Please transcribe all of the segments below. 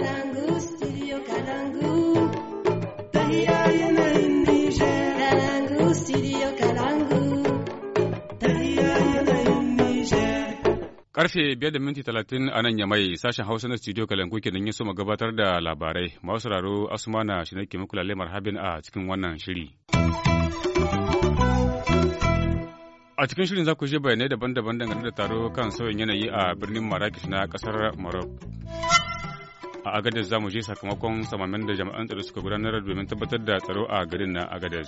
studio Karfe biyar da minti talatin a nan yamai sashen Hausa na studio Kalangu kenan ya suma gabatar da labarai. Masu sauraro Asmana shi nake muku lalle marhabin a cikin wannan shiri. A cikin shirin za ku je bayanai daban-daban dangane da taro kan sauyin yanayi a birnin Marrakesh na kasar Morocco. a agadez za mu je sakamakon samanin da jami'an tsaro suka gudanar domin tabbatar da tsaro a garin na agadez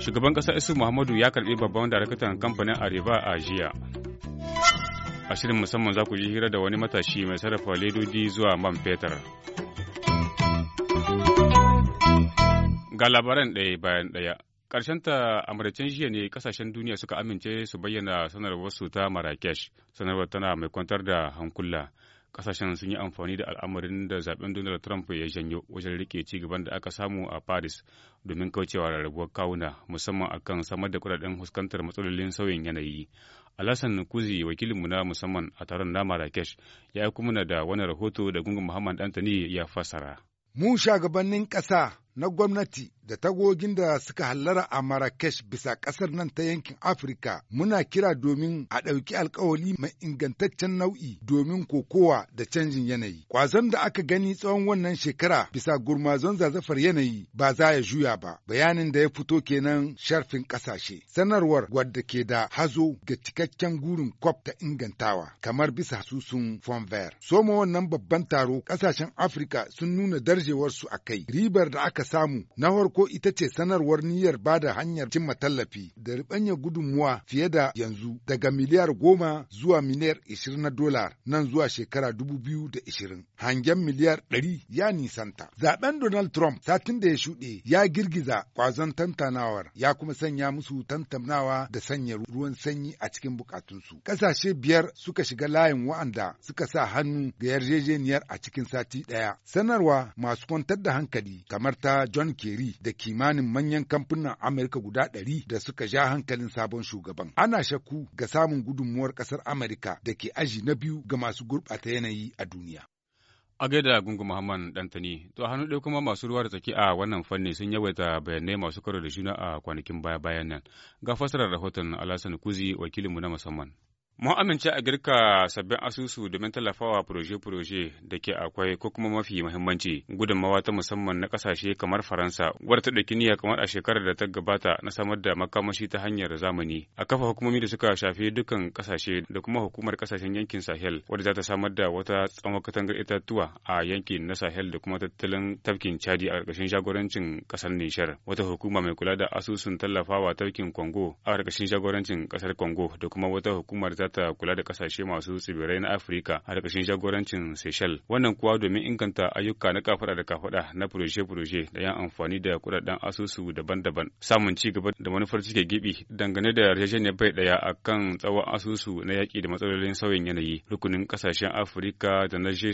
shugaban ƙasar isu muhammadu ya karɓi babban darakatan kamfanin areva a jiya a shirin musamman za ku ji hira da wani matashi mai sarrafa ledodi zuwa man fetur ga labaran ɗaya bayan ɗaya ƙarshen ta amurcen jiya ne kasashen duniya suka amince su bayyana sanarwar su ta marrakesh sanarwar tana mai kwantar da hankula kasashen sun yi amfani da al'amarin da zaben donald trump ya janyo wajen rike ci gaban da aka samu a paris domin kaucewa rarrabuwar kawuna musamman akan samar da kudaden huskantar matsalolin sauyin yanayi alasan kuzi wakilinmu na musamman a taron na marrakesh ya kuma da wani rahoto da gungun muhammad dantani ya fassara mu shugabannin ƙasa na gwamnati da tagogin da suka hallara a Marrakesh bisa ƙasar nan ta yankin Afirka muna kira domin a ɗauki alkawali mai ingantaccen nau'i domin kokowa da canjin yanayi. Kwazon da aka gani tsawon wannan shekara bisa gurmazon zazafar yanayi ba za ya juya ba. Bayanin da ya fito kenan sharfin ƙasashe. Sanarwar wadda ke da hazo ga cikakken gurin kwaf ta ingantawa kamar bisa susun Fonver. Soma wannan babban taro ƙasashen Afirka sun nuna darjewarsu a kai. Ribar da aka samu na farko ita ce sanarwar niyyar ba da hanyar cimma tallafi da ribanya gudunmuwa fiye da yanzu daga miliyar goma zuwa miliyar ishirin na dola nan zuwa shekara dubu biyu da ishirin. Hangen miliyar ɗari ya nisanta. Zaben Donald Trump satin da ya shuɗe ya girgiza kwazon tantanawar ya kuma sanya musu tantanawa da sanya ruwan sanyi a cikin bukatunsu. Ƙasashe biyar suka shiga layin wa'anda suka sa hannu ga yarjejeniyar a cikin sati ɗaya. Sanarwa masu kwantar da hankali kamar ta John Kerry da kimanin manyan kamfunan Amurka guda ɗari da suka ja hankalin sabon shugaban. Ana shakku ga samun gudunmuwar ƙasar Amurka da ke aji na biyu ga masu gurɓata yanayi a duniya. A gaida gungu Muhammad Dantani, to hannu ɗaya kuma masu ruwa da tsaki a wannan fanni sun yawaita bayanai masu karo da juna a kwanakin baya-bayan nan. Ga fassarar rahoton Alasan Kuzi wakilinmu na musamman. Mun amince a girka sabbin asusu domin tallafawa proje-proje da ke akwai ko kuma mafi muhimmanci gudunmawa ta musamman na kasashe kamar Faransa wadda ta ɗauki niyya kamar a shekarar da ta gabata na samar da makamashi ta hanyar zamani. A kafa hukumomi da suka shafi dukkan kasashe da kuma hukumar kasashen yankin Sahel wadda za ta samar da wata tsawon katangar itatuwa a yankin na Sahel da kuma tattalin tafkin Chadi a ƙarƙashin jagorancin ƙasar Nishar. Wata hukuma mai kula da asusun tallafawa tafkin Kongo a ƙarƙashin jagorancin ƙasar Kongo da kuma wata hukumar ta za kula da kasashe masu tsibirai na Afirka a ƙarƙashin jagorancin Seychelles. Wannan kuwa domin inganta ayyuka na kafada da kafada na furoje-furoje da yan amfani da kudaden asusu daban-daban. Samun ci gaba da manufar cike gibi dangane da yarjejeniyar bai daya kan tsawon asusu na yaƙi da matsalolin sauyin yanayi. Rukunin kasashen Afirka da na g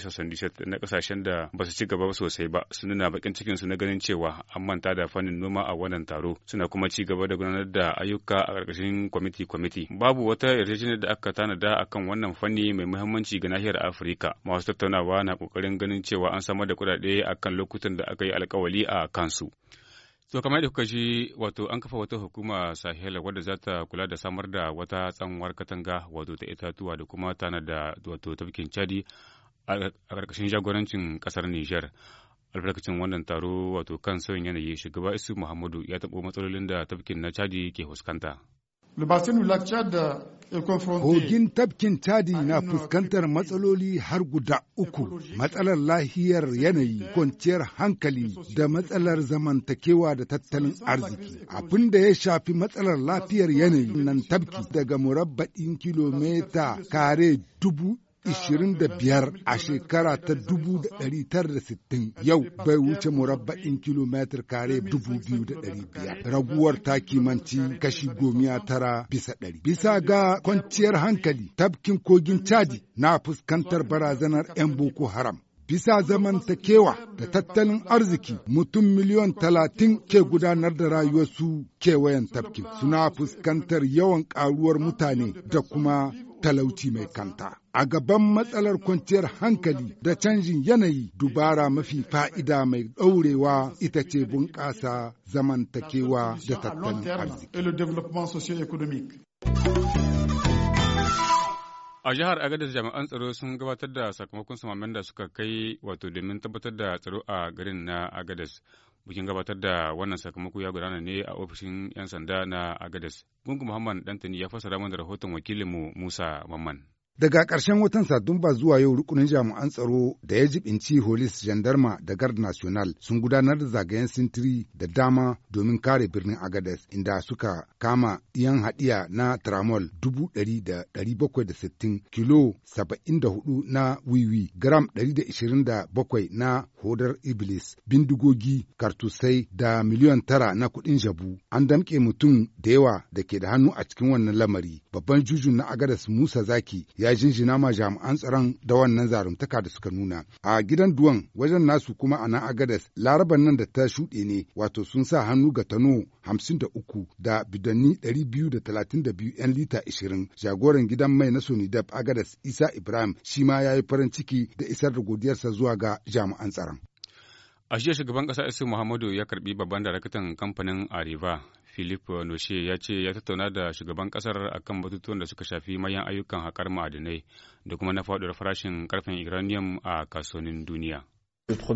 na kasashen da ba su ci gaba sosai ba su nuna bakin cikin su na ganin cewa an manta da fannin noma a wannan taro suna kuma ci gaba da gudanar da ayyuka a ƙarƙashin kwamiti-kwamiti. Babu wata yarjejeniyar da aka aka tanada a kan wannan fanni mai muhimmanci ga nahiyar Afirka. Masu tattaunawa na kokarin ganin cewa an samar da kuɗaɗe a kan lokutan da aka yi alkawali a kansu. To kamar yadda kuka ji wato an kafa wata hukuma sahel wadda za ta kula da samar da wata tsanwar katanga wato ta itatuwa da kuma tana da wato tafkin cadi a ƙarƙashin jagorancin ƙasar niger Albarkacin wannan taro wato kan sauyin yanayi shugaba Isu Muhammadu ya taɓo matsalolin da tafkin na cadi ke fuskanta. Kogin tafkin Chadi na fuskantar matsaloli har guda uku, matsalar lahiyar yanayi, kwanciyar hankali da matsalar zamantakewa da tattalin arziki. Abin da ya shafi matsalar lafiyar yanayi nan tafki daga murabba'in kilomita kare dubu 25 a shekara ta 1960 yau bai wuce murabba'in kilomitar kare 2,500 raguwar ta kimanci kashi gomiya tara bisa ɗari. Bisa ga kwanciyar hankali tafkin kogin Chadi na fuskantar barazanar 'yan Boko Haram. bisa zamantakewa da tattalin arziki mutum miliyon talatin ke gudanar da rayuwarsu kewayen tafkin suna fuskantar yawan ƙaruwar mutane da kuma talauci mai kanta. a gaban matsalar kwanciyar hankali da canjin yanayi dubara mafi fa'ida mai ɗaurewa ita ce bunƙasa zamantakewa da tattalin arziki. A jihar Agadis jami'an tsaro sun gabatar da sakamakon samamen da suka kai wato domin tabbatar da tsaro a garin na Agadis Bikin gabatar da wannan sakamako ya gudana ne a ofishin 'yan sanda na Agadis Gungun Muhammad Dantani ya fassara mana rahoton wakilinmu Musa Mamman. Daga ƙarshen watan Satumba zuwa yau rukunin jami'an tsaro da ya jibinci Holis Jandarma da Gard National sun gudanar da zagayen sintiri da dama domin kare birnin Agades inda suka kama 'yan haɗiya na tramol 1,760 kilo 74 na wiwi gram 127 na hodar Iblis bindigogi kartusai da miliyan tara na kuɗin jabu an damƙe mutum da yawa da ke da hannu a cikin wannan lamari babban jujun na Agades Musa Zaki ya jinjina ma jami'an tsaron da wannan zaruntaka da suka nuna. A gidan Duwan wajen nasu kuma a nan Agadas laraban nan da ta shuɗe ne wato sun sa hannu ga tano hamsin da bidanni 232 biyu 'yan lita ishirin. Jagoran gidan mai na Sonidab Agadas Isa Ibrahim shi ma ya yi farin ciki da isar da godiyarsa zuwa ga jami'an tsaron. A jiya shugaban ƙasa Isu Muhammadu ya karbi babban daraktan kamfanin Areva Filippo Noche ya ce ya tattauna da shugaban kasar akan batutuwan da suka shafi mayan ayyukan haƙar ma'adinai da kuma na faɗuwar farashin ƙarfin uranium a kasuwannin duniya. Batu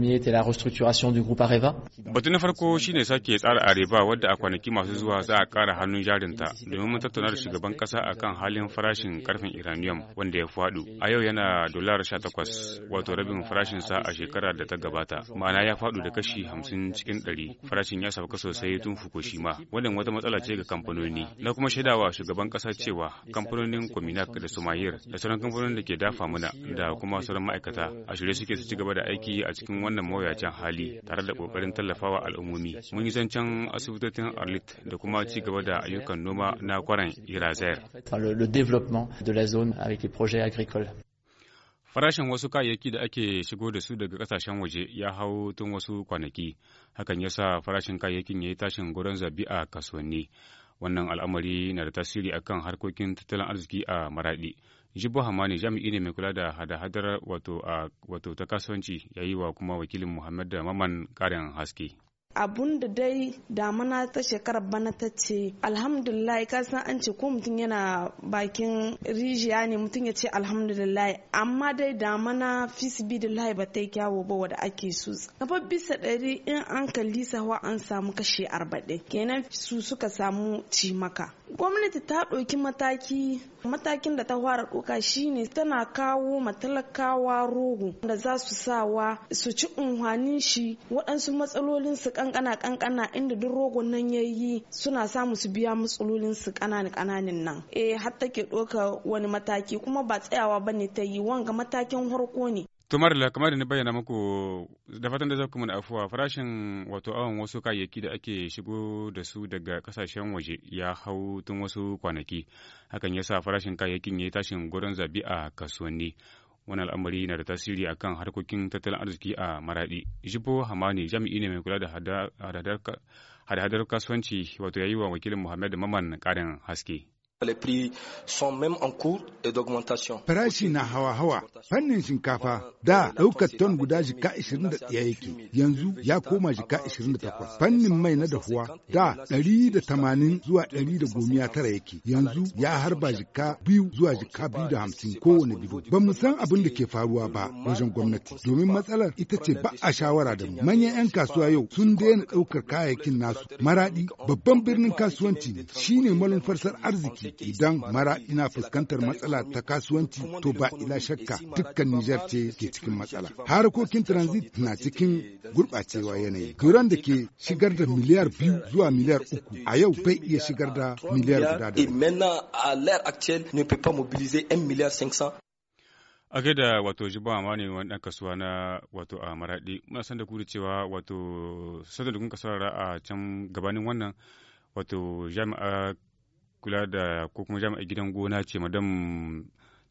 na farko shine sake tsara areba wadda a kwanaki masu zuwa za a kara hannun jarinta domin mun tattauna da shugaban ƙasa kan halin farashin karfin uranium wanda ya fadu. A yau yana dolar 18 wato rabin farashin sa a shekara da ta gabata. Ma'ana ya fadu da kashi 50 cikin ɗari Farashin ya sauka sosai tun Fukushima. Wannan wata matsala ce ga kamfanoni. Na kuma shaidawa shugaban kasa cewa kamfanonin Kominak da Sumayir da sauran kamfanonin da ke dafa mana da kuma sauran ma'aikata a shirye suke su ci gaba da aiki a cikin cikin wannan mawuyacin hali tare da kokarin tallafawa al'ummomi mun yi zancen asibitocin arlit da kuma ci gaba da ayyukan noma na kwaran irazer farashin wasu kayayyaki da ake shigo da su daga kasashen waje ya hau tun wasu kwanaki hakan ya sa farashin kayayyakin ya yi tashin goron zabi a kasuwanni wannan al'amari na da tasiri a kan harkokin tattalin arziki a maradi jibbo hamani jami'i ne mai kula da hada-hadar wato ta kasuwanci yayi wa kuma wakilin muhammad da maman karin haske abun da dai damana ta shekarar bana ta ce alhamdulillah ka san an ce ko mutum yana bakin rijiya ne mutum ya ce alhamdulillah amma dai damana lahi ba ta yi kyawo ba wadda ake su gaba bisa ɗari in an kalli sawa an samu kashe arba'in kenan su suka samu cimaka gwamnati ta ɗauki mataki matakin da ta fara ɗauka shine tana kawo matalakawa rogo da za su sawa su ci unhwanin shi waɗansu matsalolin su kankana kankana inda duk rogon nan ya yi suna samu su biya matsalolin su kanani kananin nan eh har take doka wani mataki kuma ba tsayawa bane ta yi wanga matakin harko ne tumar la kamar da ni bayyana muku da fatan da za ku afuwa farashin wato awon wasu kayayyaki da ake shigo da su daga kasashen waje ya hau tun wasu kwanaki hakan yasa farashin kayayyakin ya tashin gurin zabi a kasuwanni wani al'amari na da tasiri a kan harkokin tattalin arziki a maradi jibo hamani jami'i ne mai kula da hadadar kasuwanci wato yayi wa wakilin muhammad maman karin haske Farashi na hawa-hawa fannin shinkafa da ɗaukar ton guda jika 21 yake yanzu ya koma jika 28. Fannin mai na dahuwa da 180 zuwa 119 yake yanzu ya harba jika biyu zuwa jika biyu kowane biyu. Ba mu san abin da ke faruwa ba wajen gwamnati domin matsalar ita ce ba a shawara da mu. Manyan 'yan kasuwa yau sun daina ɗaukar kayayyakin nasu. Maraɗi babban birnin kasuwanci shine malumfarsar arziki idan mara ina fuskantar matsala ta kasuwanci to ba ila shakka dukkan Nijar ce ke cikin matsala. Harkokin transit na cikin gurɓacewa yanayi. Turan da ke shigar da miliyar biyu zuwa miliyar uku a yau bai iya shigar da miliyar guda da. a gaida wato jiba ma ne wani ɗan kasuwa na wato a maraɗi muna san da kuri cewa wato sadar da kun saurara a can gabanin wannan wato jami'a kula da ko kuma jami'a gidan gona ce madam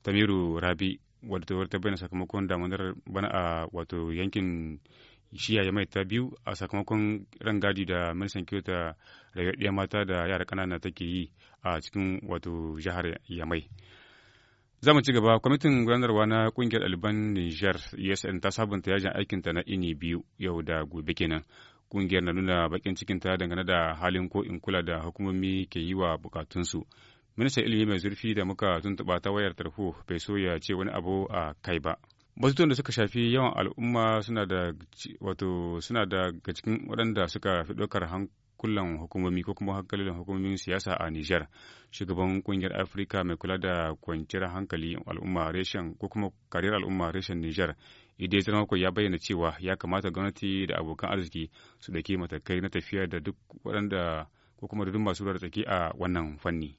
tamiru rabi wadda ta bayyana sakamakon damunar bana a wato yankin shiya ya mai ta biyu a sakamakon rangadi da ministan kyauta rayuwa mata da yara kanana take yi a cikin wato jihar yamai za mu ci gaba kwamitin gudanarwa na kungiyar alban niger usn ta sabunta yajin aikinta na ini biyu yau da gobe kenan kungiyar na nuna bakin cikin ta dangane da halin ko in kula da hukumomi ke yi wa bukatunsu. Ministan ilimi mai zurfi da muka tuntuɓa ta wayar tarho bai so ya ce wani abu a kai ba. batutuwan da suka shafi yawan al'umma suna da wato suna daga cikin waɗanda suka fi ɗaukar hankulan hukumomi ko kuma hankalin hukumomin siyasa a Nijar. Shugaban kungiyar Afirka mai kula da kwanciyar hankali al'umma reshen ko kuma kariyar al'umma reshen Nijar idai zanakon ya bayyana cewa ya kamata gwamnati da abokan arziki su dake matakai na tafiya da duk waɗanda ko kuma duk masu da tsaki a wannan fanni.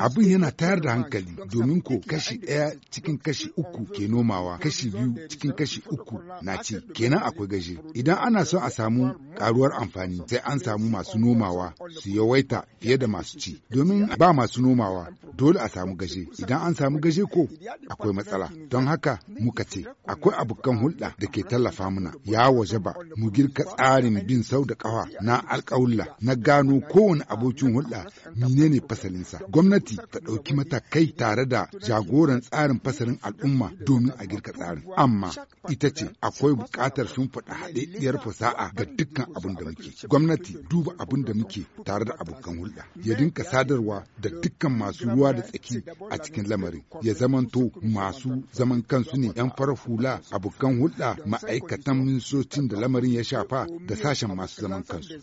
Abin yana tayar da hankali domin ko kashi ɗaya cikin kashi uku ke nomawa, kashi biyu cikin kashi uku na ci, kenan akwai gaje. Idan ana son a samu karuwar amfani sai an samu masu nomawa su yawaita fiye da masu ci. Domin ba masu nomawa dole a samu gaje. Idan an samu gaje ko akwai matsala. Don haka muka ce akwai abokan hulɗa da ke tallafa mana ya waje ba mu girka tsarin bin sau da ƙawa na alƙawulla na gano kowane abokin hulɗa menene fasalinsa gwamnati ta ɗauki matakai tare da jagoran tsarin fasalin al'umma domin a girka tsarin amma ita ce akwai buƙatar shimfiɗa haɗaɗɗiyar fasa'a ga dukkan abin da muke gwamnati duba abin da muke tare da abokan hulɗa ya dinka sadarwa da dukkan masu ruwa da tsaki a cikin lamarin ya zamanto masu zaman kansu ne yan fara hula abokan hulɗa ma'aikatan ministocin da lamarin ya shafa da sashen masu zaman kansu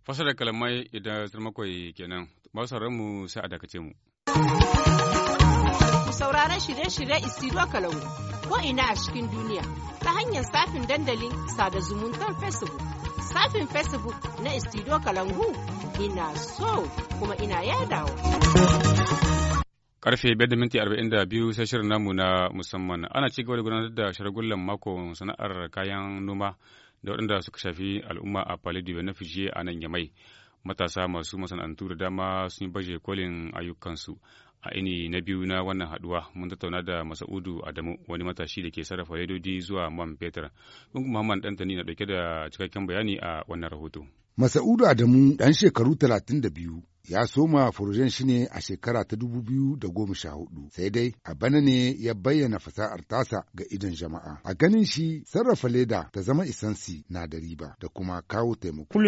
Fasarar kalamai idan zurmakwai kenan, ba mu sai a dakace mu. Ku saurara shirye-shirye Isiruwa Kalangu ko ina a cikin duniya ta hanyar safin dandalin sada zumuntar Facebook. Safin Facebook na Isiruwa Kalangu ina so kuma ina yadawa. Karfe 5:42 sai shirin namu na musamman ana ci gaba da gudanar da shirgullen makon sana'ar kayan noma da waɗanda suka shafi al'umma a Palais na fijiye a nan Yamai. Matasa masu masana'antu da dama sun yi baje kolin ayyukansu. A ini na biyu na wannan haduwa mun tattauna da Masa'udu Adamu wani matashi da ke sarrafa redodi zuwa man fetur. kuma Muhammad Dantani na dauke da cikakken bayani a wannan rahoto. Masa'udu Adamu ɗan shekaru talatin da biyu ya soma furujen shi ne a shekara ta dubu biyu da goma sha hudu sai dai a bana ne ya bayyana fasahar tasa ga idon jama'a a ganin shi sarrafa leda ta zama isansi na da riba da kuma kawo taimako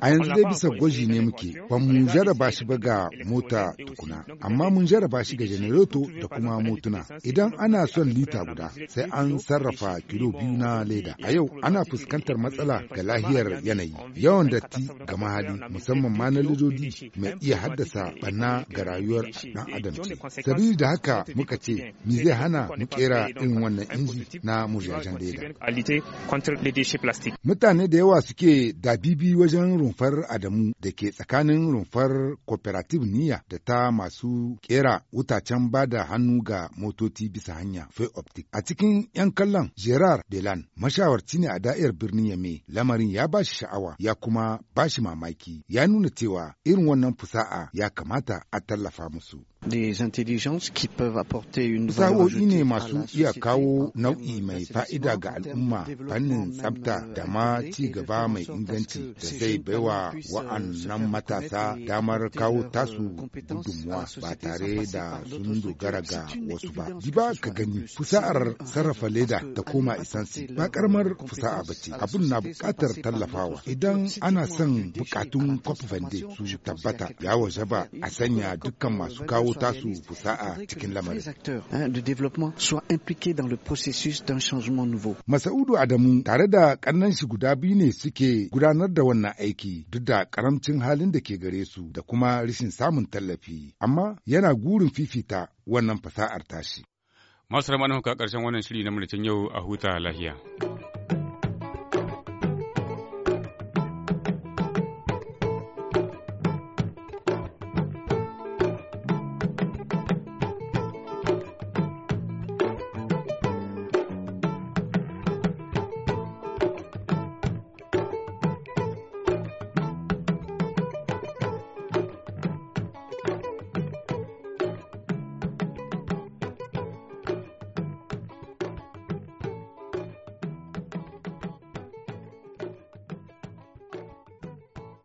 a yanzu dai bisa gwaji ne muke ba mu jaraba shi ba ga mota tukuna amma mun jaraba shi ga janareto da kuma motuna idan ana son lita guda sai an sarrafa kilo biyu na leda a yau ana fuskantar matsala ga lahiyar yanayi Yawan datti ga mahali musamman ma na lidodi mai iya haddasa ɓanna ga rayuwar ɗan adam ce. Sabili da haka muka ce me zai hana mu kera irin wannan inji na murjajen leda. Mutane da yawa suke dabibi wajen rumfar Adamu da ke tsakanin rumfar cooperative niya da ta masu kera wutacen ba da hannu ga motoci bisa hanya fai optic. A cikin 'yan kallon Gerard Belan mashawarci ne a da'ir birnin Yame lamarin ya ba shi sha'awa ya kuma bashi mamaki ya nuna cewa irin wannan fusa'a ya kamata a tallafa musu. sa'o'i ne masu iya kawo nau'i mai fa'ida ga al'umma fannin tsafta da ma ci gaba mai inganci da zai baiwa wa'annan matasa damar kawo tasu gudunmuwa ba tare da sun dogara ga wasu ba. Ji ba ka gani fusa'ar sarrafa leda ta koma isansi ba karamar fusa'a ba ce Abun na buƙatar tallafawa idan ana son buƙatun kwafafande su tabbata ya waje ba a sanya dukkan masu kawo ta su fusa'a cikin lamarin. Masa'udu Adamu tare da ƙannan shi guda biyu ne suke gudanar da wannan aiki duk da ƙaramcin halin da ke gare su da kuma rashin samun tallafi, amma yana gurin fifita wannan fasa'ar tashi. Masu ramanu hukar ƙarshen wannan shiri na mulkin yau a huta lahiya.